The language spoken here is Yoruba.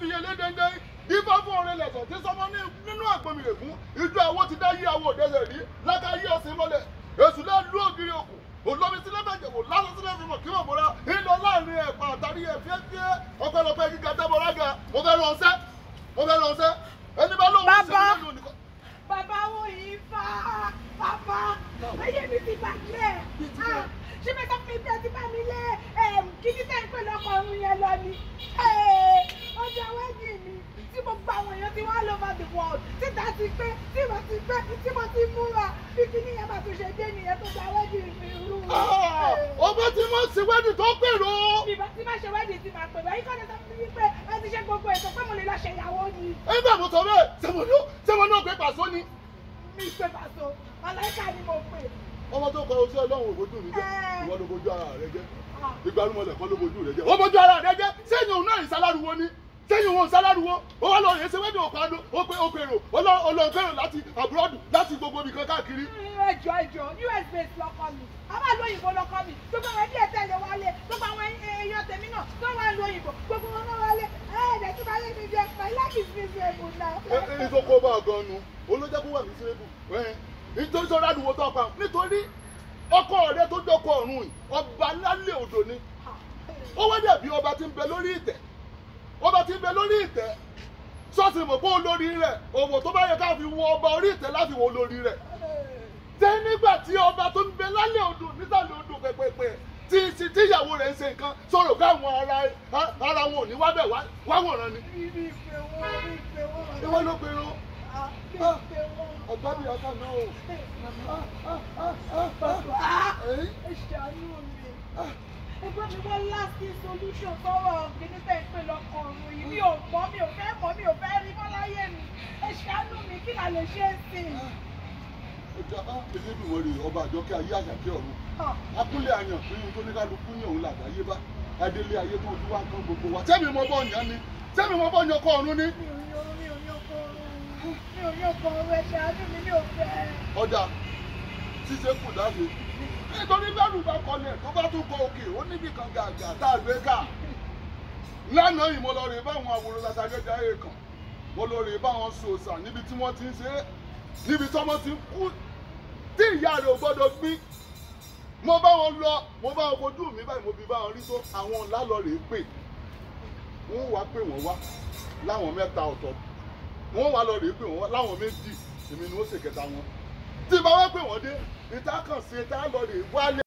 fi yẹlé dẹ́ndẹ́ ìfá fún ọ̀rẹ́ lẹ̀sọ̀ tí sọmọ nínú àgbọ̀mìrègún ìjọ àwo ti dá yí àwo òdẹ́sẹ̀ rí lága yí ọ̀sìn mọ́lẹ̀ èṣù náà lú ògiri òkun olómi sílẹ̀ bẹ̀jẹ̀ wò lásán sílẹ̀ fi mọ̀ kí mọ̀ bọ́ra ìlọ láàrin ẹ̀pà àtàrí ẹ̀ fíẹ́fíẹ́ ọpẹ́lọpẹ́ gíga tẹ́bọ̀rá ga mo fẹ́ lọ ṣẹ́ mo fẹ́ lọ ṣẹ́ ẹni bá lóun ṣe mélòó nìkan. bàbá wo yìí fa Papa, ayé mi ti bàjẹ́ ah, ṣé mẹ́ta fi bẹ́ẹ̀ ti bá mi world títa ti pé tí mo ti pé tí mo ti múra bí kíní yẹn bá tún ṣe dé nìyẹn tó gba wẹ́ẹ̀dì irú. Ah, ọmọ tí mo ṣe wẹ́ẹ̀dì tó pèrò. ìbá tí má ṣe wẹ́ẹ̀dì ti máa pèrò ayíkọ́ ni sọ fún pé ẹ ti ṣe gbogbo ètò pé mo lè lọ ṣe ìyàwó ni. ẹgbẹ́ mo sọ bẹ́ẹ̀ sẹ́wọ̀n náà gbé pàṣọ ni. mi gbé pàṣọ ọ̀làyíká ni mo pè. ọmọ tó kọ oṣù ọlọ́run òbójú mi jẹ́ eh. ìwọ ló bojú ara rẹ jẹ́ ah. ìgbàlúmọ̀lẹ̀ sẹ́yìn wọn sálárùwọ́ ó wá lọ rèé ṣe wẹ́dùn òpanu òpèrò olóńgbèrò láti àbúrọ́dù láti gbogbo ibìkan káàkiri. ẹjọ ẹjọ us based lọkọ mi àbá lóyìnbó lọkọ mi gbogbo àwọn ẹbí ẹtẹ lè wálé gbogbo àwọn èèyàn tèmi náà tó wà lóyìnbó gbogbo wọn náà wálé ẹ̀ẹ́dẹ̀ tí wàá lé mi jẹ my life is miserable now. ẹ ẹ ìsọkọ bá a gan nu olójẹ́kọ̀ wà miserable ẹ nítorí sọ́ra àdúgbò tó pa nítorí ọkọ rẹ tó jókòó ọ̀run ọba lálẹ́ òdò ni ó wá dàbí ọba tí ń bẹ lórí ìtẹ́ ọba tí ń bẹ lórí ìtẹ́ sọ́ọ̀tì mọ̀ pé olórí rẹ̀ òwò tó bá yẹ ká fi wo ọba orí ìtẹ́ láti wo olórí rẹ̀ tẹ́ nígbà tí ọba tó ń bẹ lálẹ́ odò nísàlẹ̀ odò pẹ̀pẹ̀pẹ̀ tí tí tí ìyàwó rẹ̀ ń ṣe nǹkan sọ̀rọ̀ káwọn ara ara wọn ò ní wá bẹ̀ wá wòran ni. ìwọ ló pe wọn ah, ah, ọ̀gá mi àká náà o. ẹ ṣàánú mi ẹ gbọ́dọ̀ wọ́n last solution fọwọ́ kìnìún tẹ̀ lọ́kọ̀. lè ṣe é sí ìjọba elédùnmọ̀ rè ọba àjọkẹ́ ayé àyàkẹ́ ọ̀run ah. akúlẹ̀ àyàn fún yín tó ní kálukú yàn òun làgbáyé bá adélé ayé tó ojú wa kan gbogbo wa tẹ́mi mọ bọ́ yàn ni tẹ́mi mọ bọ́ yàn kọ́ ọ̀run ni. mi ò ní ọkọ ọrùn ẹ̀ṣẹ̀ àánú mi ní òfẹ́. ọjà ṣíṣe kù dáre nítorí bẹ́ẹ̀rù bá kọlẹ̀ tó bá tún kọ òkè ó níbi kan gàgà tá a gbé ká lánàá ìmọ̀lọ́rẹ̀ wọ́n lórí báwọn sòsà níbi tí wọ́n ti ń ṣe é níbi tí wọ́n ti ń kú tí ìyá rẹ̀ ò gbọ́dọ̀ gbín mo bá wọn lọ mo bá wọn kojú mi báyìí mo fi bá wọn rí tó àwọn ńlá lọ rèé pè wọ́n wá pè wọ́n wá láwọn mẹ́ta ọ̀tọ̀ọ̀tọ̀ wọ́n wá lọ rèé pè wọ́n wá láwọn méjì èmi ni ó ṣèkẹta wọn tí bá wá pè wọ́n dé ìta kàn sí ìta lọ rèé wálé.